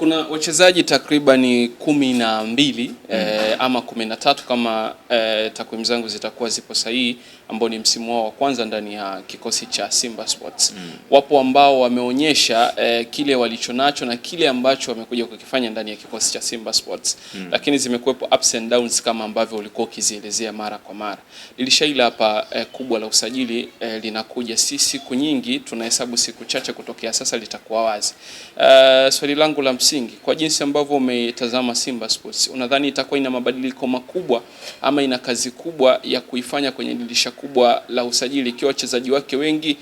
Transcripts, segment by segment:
kuna wachezaji takribani kumi na mbili mm. eh, ama kumi na tatu kama eh, takwimu zangu zitakuwa zipo sahihi, ambao ni msimu wao wa kwanza ndani ya kikosi cha Simba Sports mm. Wapo ambao wameonyesha eh, kile walichonacho na kile ambacho wamekuja kukifanya ndani ya kikosi cha Simba Sports mm. Lakini zimekuwepo ups and downs kama ambavyo ulikuwa ukizielezea mara kwa mara. Dirisha hili hapa eh, kubwa la usajili eh, linakuja, si siku nyingi, tunahesabu siku chache kutokea sasa litakuwa wazi. Eh, swali langu la msingi, kwa jinsi ambavyo umetazama Simba Sports, unadhani itakuwa ina mabadiliko makubwa ama ina kazi kubwa ya kuifanya kwenye dirisha kubwa la usajili, ikiwa wachezaji wake wengi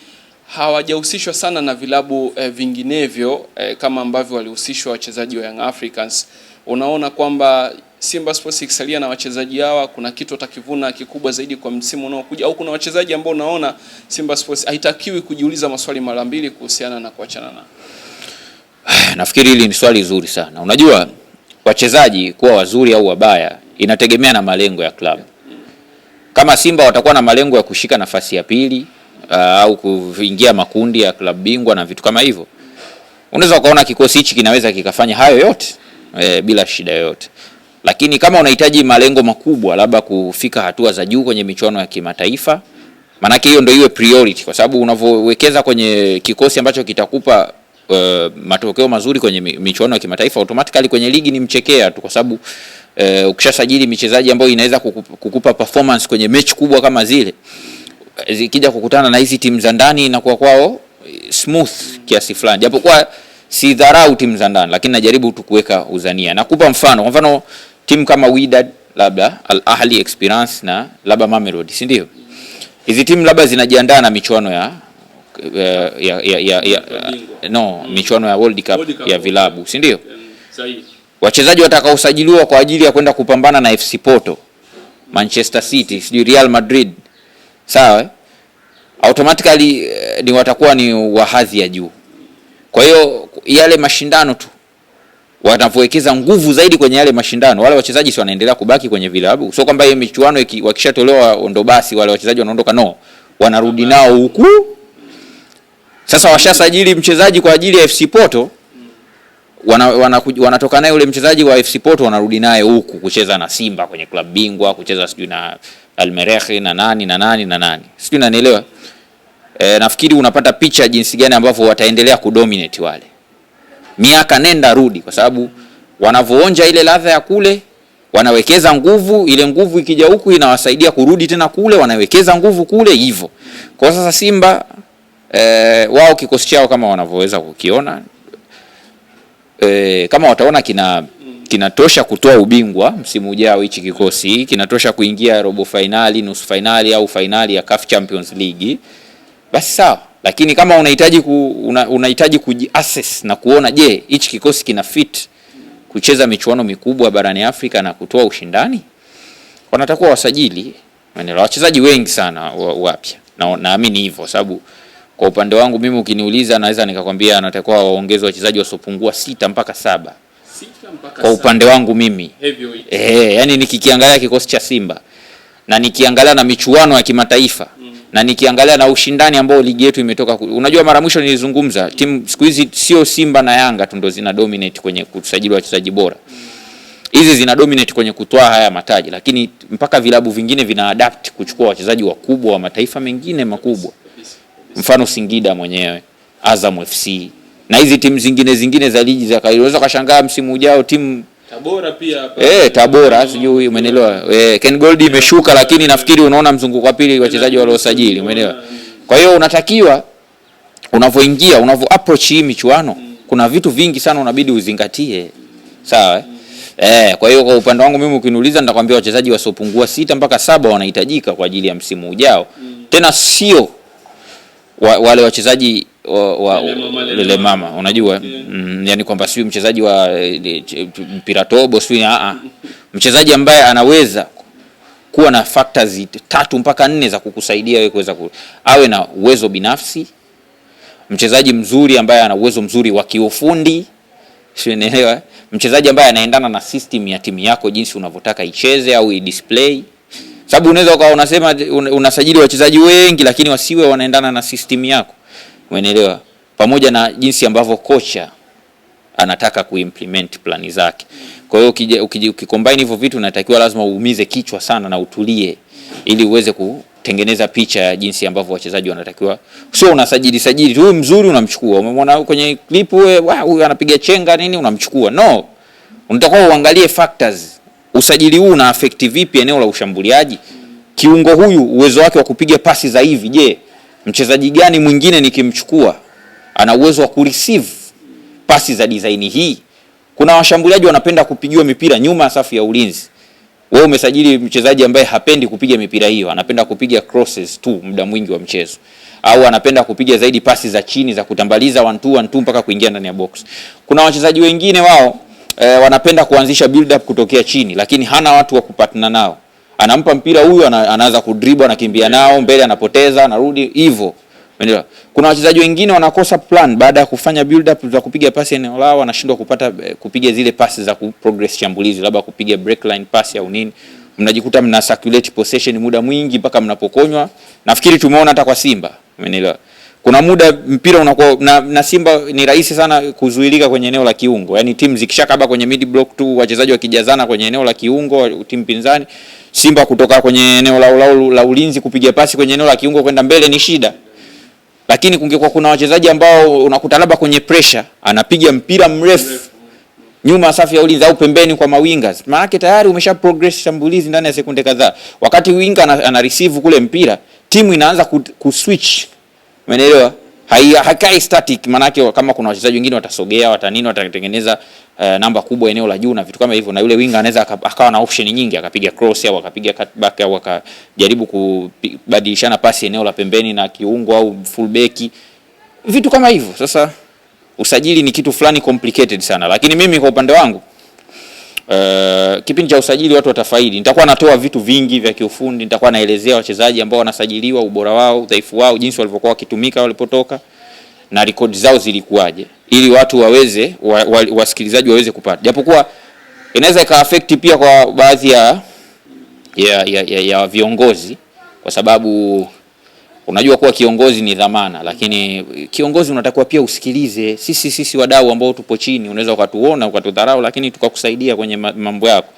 hawajahusishwa sana na vilabu e, vinginevyo e, kama ambavyo walihusishwa wachezaji wa Young Africans? Unaona kwamba Simba Sports ikisalia na wachezaji hawa kuna kitu atakivuna kikubwa zaidi kwa msimu unaokuja, au kuna wachezaji ambao unaona Simba Sports haitakiwi kujiuliza maswali mara mbili kuhusiana na kuachana nao? Nafikiri hili ni swali zuri sana. Unajua wachezaji kuwa wazuri au wabaya inategemea na malengo ya klabu. Kama Simba watakuwa na malengo ya kushika nafasi ya pili uh, au kuingia makundi ya klabu bingwa na vitu kama hivyo, unaweza ukaona kikosi hichi kinaweza kikafanya hayo yote e, bila shida yoyote. Lakini kama unahitaji malengo makubwa, labda kufika hatua za juu kwenye michuano ya kimataifa, maanake hiyo ndio iwe priority, kwa sababu unavyowekeza kwenye kikosi ambacho kitakupa uh, matokeo mazuri kwenye michuano ya kimataifa automatically kwenye ligi ni mchekea tu, kwa sababu uh, ukishasajili michezaji ambayo inaweza kukupa performance kwenye mechi kubwa kama zile, zikija kukutana na hizi timu za ndani na kwa kwao eh, smooth kiasi fulani, japokuwa si dharau timu za ndani, lakini najaribu tu kuweka uzania. Nakupa mfano, kwa mfano timu kama Wydad labda Al Ahli Experience na labda Mamelodi, si ndio? Hizi timu labda zinajiandaa na michuano ya ya, eh, ya, ya, ya, ya, no michuano ya World Cup, World Cup ya vilabu si ndio? Wachezaji watakaosajiliwa kwa ajili ya kwenda kupambana na FC Porto, Manchester City, sijui Real Madrid, sawa, eh? automatically eh, ni watakuwa ni wa hadhi ya juu. Kwa hiyo yale mashindano tu wanavyowekeza nguvu zaidi kwenye yale mashindano, wale wachezaji si wanaendelea kubaki kwenye vilabu? Sio kwamba hiyo michuano wakishatolewa ndo basi wale wachezaji wanaondoka, no, wanarudi nao huku sasa washasajili mchezaji kwa ajili ya FC Porto, wanatoka wana, wana naye ule mchezaji wa FC Porto wanarudi naye huku kucheza na Simba kwenye klabu bingwa, kucheza sijui na almerehi na nani na nani na nani, sijui nanielewa. E, nafikiri unapata picha jinsi gani ambavyo wataendelea kudominate wale miaka nenda rudi, kwa sababu wanavoonja ile ladha ya kule wanawekeza nguvu ile nguvu ikija huku inawasaidia kurudi tena kule, wanawekeza nguvu kule hivyo. Kwa sasa Simba e, wao kikosi chao kama wanavyoweza kukiona e, kama wataona kina kinatosha kutoa ubingwa msimu ujao, hichi kikosi kinatosha kuingia robo fainali, nusu fainali au fainali ya CAF Champions League, basi sawa. Lakini kama unahitaji ku, una, unahitaji kujiassess na kuona je, hichi kikosi kina fit kucheza michuano mikubwa barani Afrika na kutoa ushindani, wanatakuwa wasajili wachezaji wengi sana wapya, na naamini hivyo sababu kwa upande wangu mimi ukiniuliza, naweza nikakwambia anatakiwa waongeze wachezaji wasiopungua sita mpaka saba sita kwa upande saba wangu mimi eh, yani nikikiangalia kikosi cha Simba na nikiangalia na michuano ya kimataifa mm, na nikiangalia na ushindani ambao ligi yetu imetoka. ku... Unajua, mara mwisho nilizungumza mm, timu siku hizi sio Simba na Yanga tu ndo zina dominate kwenye kusajili wachezaji bora mm. hizi mm, zina dominate kwenye kutoa haya mataji, lakini mpaka vilabu vingine vina adapt kuchukua wachezaji wakubwa wa mataifa mengine makubwa mfano Singida mwenyewe, Azam FC na hizi timu zingine zingine za ligi za kawaida. Unaweza kashangaa msimu ujao timu Tabora pia hapa. Eh, Tabora sijui umeelewa. Eh, Ken Gold imeshuka lakini nafikiri unaona mzunguko wa pili wachezaji waliosajili, umeelewa. Kwa hiyo unatakiwa unavyoingia, unavyo approach hii michuano, kuna vitu vingi sana unabidi uzingatie. Sawa? Eh? eh, kwa hiyo kwa upande wangu mimi ukiniuliza nitakwambia wachezaji wasiopungua sita mpaka saba wanahitajika kwa ajili ya msimu ujao. Tena sio wa, wale wachezaji wa, wa, lele mama unajua mm, yani kwamba siu mchezaji wa eh, eh, mpira tobo sio a ah, ah. mchezaji ambaye anaweza kuwa na factors tatu mpaka nne za kukusaidia wewe kuweza ku, awe na uwezo binafsi, mchezaji mzuri ambaye ana uwezo mzuri wa kiufundi, sio mchezaji ambaye anaendana na system ya timu yako jinsi unavyotaka icheze au display sababu unaweza ukawa unasema unasajili wachezaji wengi lakini wasiwe wanaendana na system yako, umeelewa? Pamoja na jinsi ambavyo kocha anataka kuimplement plani zake. Kwa hiyo ukikombine hivyo vitu, natakiwa lazima uumize kichwa sana na utulie, ili uweze kutengeneza picha ya jinsi ambavyo wachezaji wanatakiwa. Sio unasajili sajili tu, mzuri unamchukua, umemwona kwenye clip, wewe huyu anapiga chenga nini, unamchukua. No, unatakiwa uangalie factors usajili huu una affect vipi eneo la ushambuliaji? Kiungo huyu uwezo wake wa kupiga pasi za hivi, je, mchezaji gani mwingine nikimchukua ana uwezo wa kureceive pasi za design hii? Kuna washambuliaji wanapenda kupigiwa mipira nyuma ya safu ya ulinzi. Wewe umesajili mchezaji ambaye hapendi kupiga mipira hiyo, anapenda kupiga crosses tu muda mwingi wa mchezo, au anapenda kupiga zaidi pasi za chini za kutambaliza one two one two mpaka kuingia ndani ya box. Kuna wachezaji wengine wao eh, wanapenda kuanzisha build up kutokea chini, lakini hana watu wa kupatana nao. Anampa mpira huyu anaanza kudribble anakimbia nao mbele, anapoteza anarudi hivyo. Umeelewa? Kuna wachezaji wengine wanakosa plan baada ya kufanya build up za kupiga pasi eneo lao, wanashindwa kupata eh, kupiga zile pasi za kuprogress shambulizi, labda kupiga break line pass au nini, mnajikuta mna circulate possession muda mwingi mpaka mnapokonywa. Nafikiri tumeona hata kwa Simba, umeelewa? kuna muda mpira unakuwa na, na Simba ni rahisi sana kuzuilika kwenye eneo la kiungo, yaani timu zikishakaba kwenye mid block tu, wachezaji wakijazana kwenye eneo la kiungo timu pinzani, Simba kutoka kwenye eneo la, la, la ulinzi kupiga pasi kwenye eneo la kiungo kwenda mbele ni shida lakini kungekuwa kuna wachezaji ambao unakuta labda kwenye pressure anapiga mpira mrefu nyuma safi ya ulinzi au pembeni kwa mawingers, maana yake tayari umesha progress shambulizi ndani ya sekunde kadhaa. Wakati winga ana, ana receive kule mpira, timu inaanza kuswitch Umeelewa? hakai static, maanake kama kuna wachezaji wengine watasogea, watanini, watatengeneza uh, namba kubwa eneo la juu na vitu kama hivyo, na yule winga anaweza akawa na option nyingi, akapiga cross au akapiga cutback au akajaribu kubadilishana pasi eneo la pembeni na kiungo au fullback, vitu kama hivyo. Sasa usajili ni kitu fulani complicated sana, lakini mimi kwa upande wangu Uh, kipindi cha usajili watu watafaidi. Nitakuwa natoa vitu vingi vya kiufundi, nitakuwa naelezea wachezaji ambao wanasajiliwa, ubora wao, udhaifu wao, jinsi walivyokuwa wakitumika walipotoka na rekodi zao zilikuwaje, ili watu waweze wa, wa, wasikilizaji waweze kupata, japokuwa inaweza ika affect pia kwa baadhi ya, ya, ya, ya, ya viongozi kwa sababu Unajua kuwa kiongozi ni dhamana, lakini kiongozi unatakiwa pia usikilize. Sisi sisi wadau ambao tupo chini, unaweza ukatuona ukatudharau, lakini tukakusaidia kwenye mambo yako,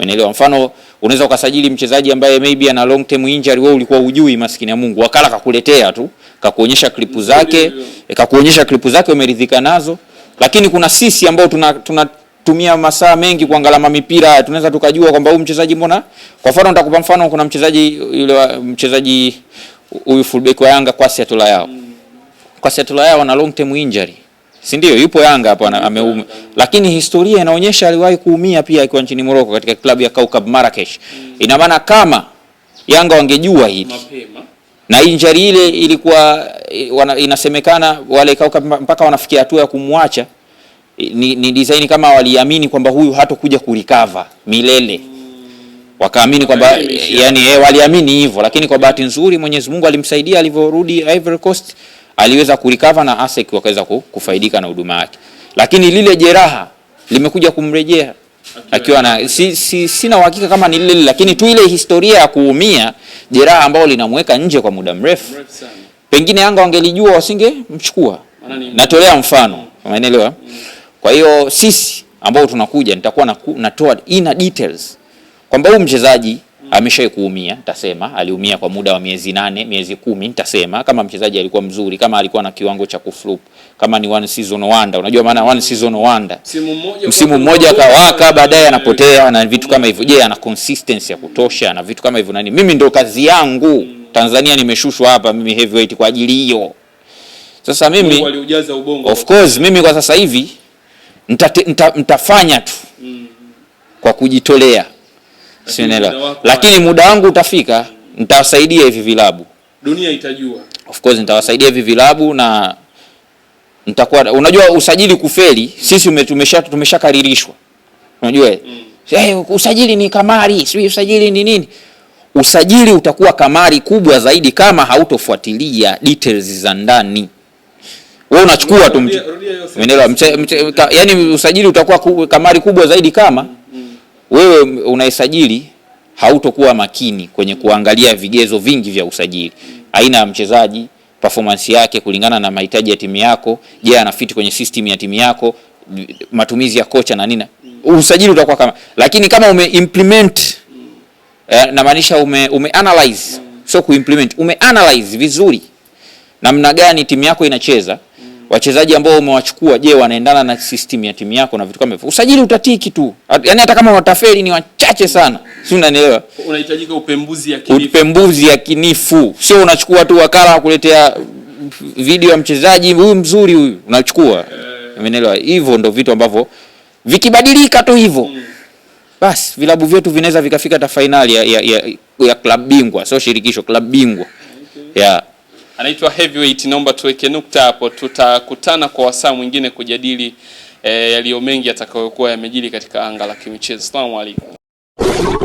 umeelewa? Mfano, unaweza ukasajili mchezaji ambaye maybe ana long term injury, wewe ulikuwa ujui, maskini ya Mungu, wakala kakuletea tu, kakuonyesha klipu zake, e, kakuonyesha klipu zake, umeridhika nazo. Lakini kuna sisi ambao tuna, tuna tumia masaa mengi kuangalama mipira, tunaweza tukajua kwamba huyu mchezaji mbona, kwa mfano nitakupa mfano, kuna mchezaji yule mchezaji huyu fullback wa Yanga Kwasi Atula yao Kwasi Atula yao ana long term injury, si ndio? Yupo Yanga hapo ameumia, lakini historia inaonyesha aliwahi kuumia pia akiwa nchini Morocco katika klabu ya Kaukab Marrakesh. Ina maana kama Yanga wangejua hili na injury ile ilikuwa wana, inasemekana wale Kaukab mpaka wanafikia hatua ya kumwacha ni, ni design kama waliamini kwamba huyu hatokuja kurecover milele Mm wakaamini kwamba eh, yani, eh, waliamini hivyo, lakini kwa bahati nzuri Mwenyezi Mungu alimsaidia alivyorudi Ivory Coast, aliweza kurecover na ASEC wakaweza kufaidika na huduma yake, lakini lile jeraha limekuja kumrejea akiwa na si, si, sina uhakika kama ni lile, lakini tu ile historia ya kuumia, jeraha ambalo linamweka nje kwa muda mrefu. Pengine Yanga wangelijua wasingemchukua. Natolea mfano, umeelewa? Mm. Kwa hiyo sisi ambao tunakuja nitakuwa natoa ina details kwamba huyu mchezaji ameshawahi kuumia, nitasema aliumia kwa muda wa miezi nane miezi kumi, nitasema kama mchezaji alikuwa mzuri, kama alikuwa na kiwango cha kuflop, kama ni one season wonder. Unajua maana one season wonder, msimu mmoja akawaka, baadaye anapotea na vitu kama hivyo. Je, ana consistency ya kutosha na vitu kama hivyo? Nani mimi ndo kazi yangu Tanzania, nimeshushwa hapa mimi heavyweight kwa ajili hiyo. Sasa mimi of course mimi kwa sasa hivi nitafanya nita, nita tu mm. kwa kujitolea Sielewa. Lakini muda wangu utafika, nitawasaidia hivi vilabu. Dunia itajua. Of course nitawasaidia hivi vilabu na nitakuwa unajua usajili kufeli, sisi tumesha tumeshakaririshwa. Unajua? Mm. Hey, eh, usajili ni kamari, si usajili ni nini? Usajili utakuwa kamari kubwa zaidi kama hautofuatilia details za ndani. Wewe unachukua tu, yaani usajili utakuwa kamari kubwa zaidi kama mm wewe unaesajili hautokuwa makini kwenye kuangalia vigezo vingi vya usajili, aina ya mchezaji, performance yake kulingana na mahitaji ya timu yako. Je, anafiti kwenye system ya timu yako, matumizi ya kocha na nini? Usajili utakuwa kama, lakini kama ume implement eh, namaanisha ume, ume analyze, sio implement, ume analyze vizuri namna gani timu yako inacheza wachezaji ambao umewachukua, je, wanaendana na system ya timu yako na vitu kama hivyo. Usajili utatiki tu, yaani hata kama wataferi ni wachache sana, si unanielewa? Unahitajika upembuzi yakinifu, upembuzi yakinifu, sio unachukua tu wakala wa kuletea video ya mchezaji huyu mzuri huyu unachukua, eh. umeelewa? yeah. hivyo ndio vitu ambavyo vikibadilika tu hivyo mm. Basi vilabu vyetu vinaweza vikafika ta finali ya, ya, ya, ya klabu bingwa, sio shirikisho, klabu bingwa okay. yeah anaitwa Heavyweight. Naomba tuweke nukta hapo, tutakutana kwa wasaa mwingine kujadili eh, yaliyo mengi yatakayokuwa yamejili katika anga la kimichezo. Asalamu alaykum.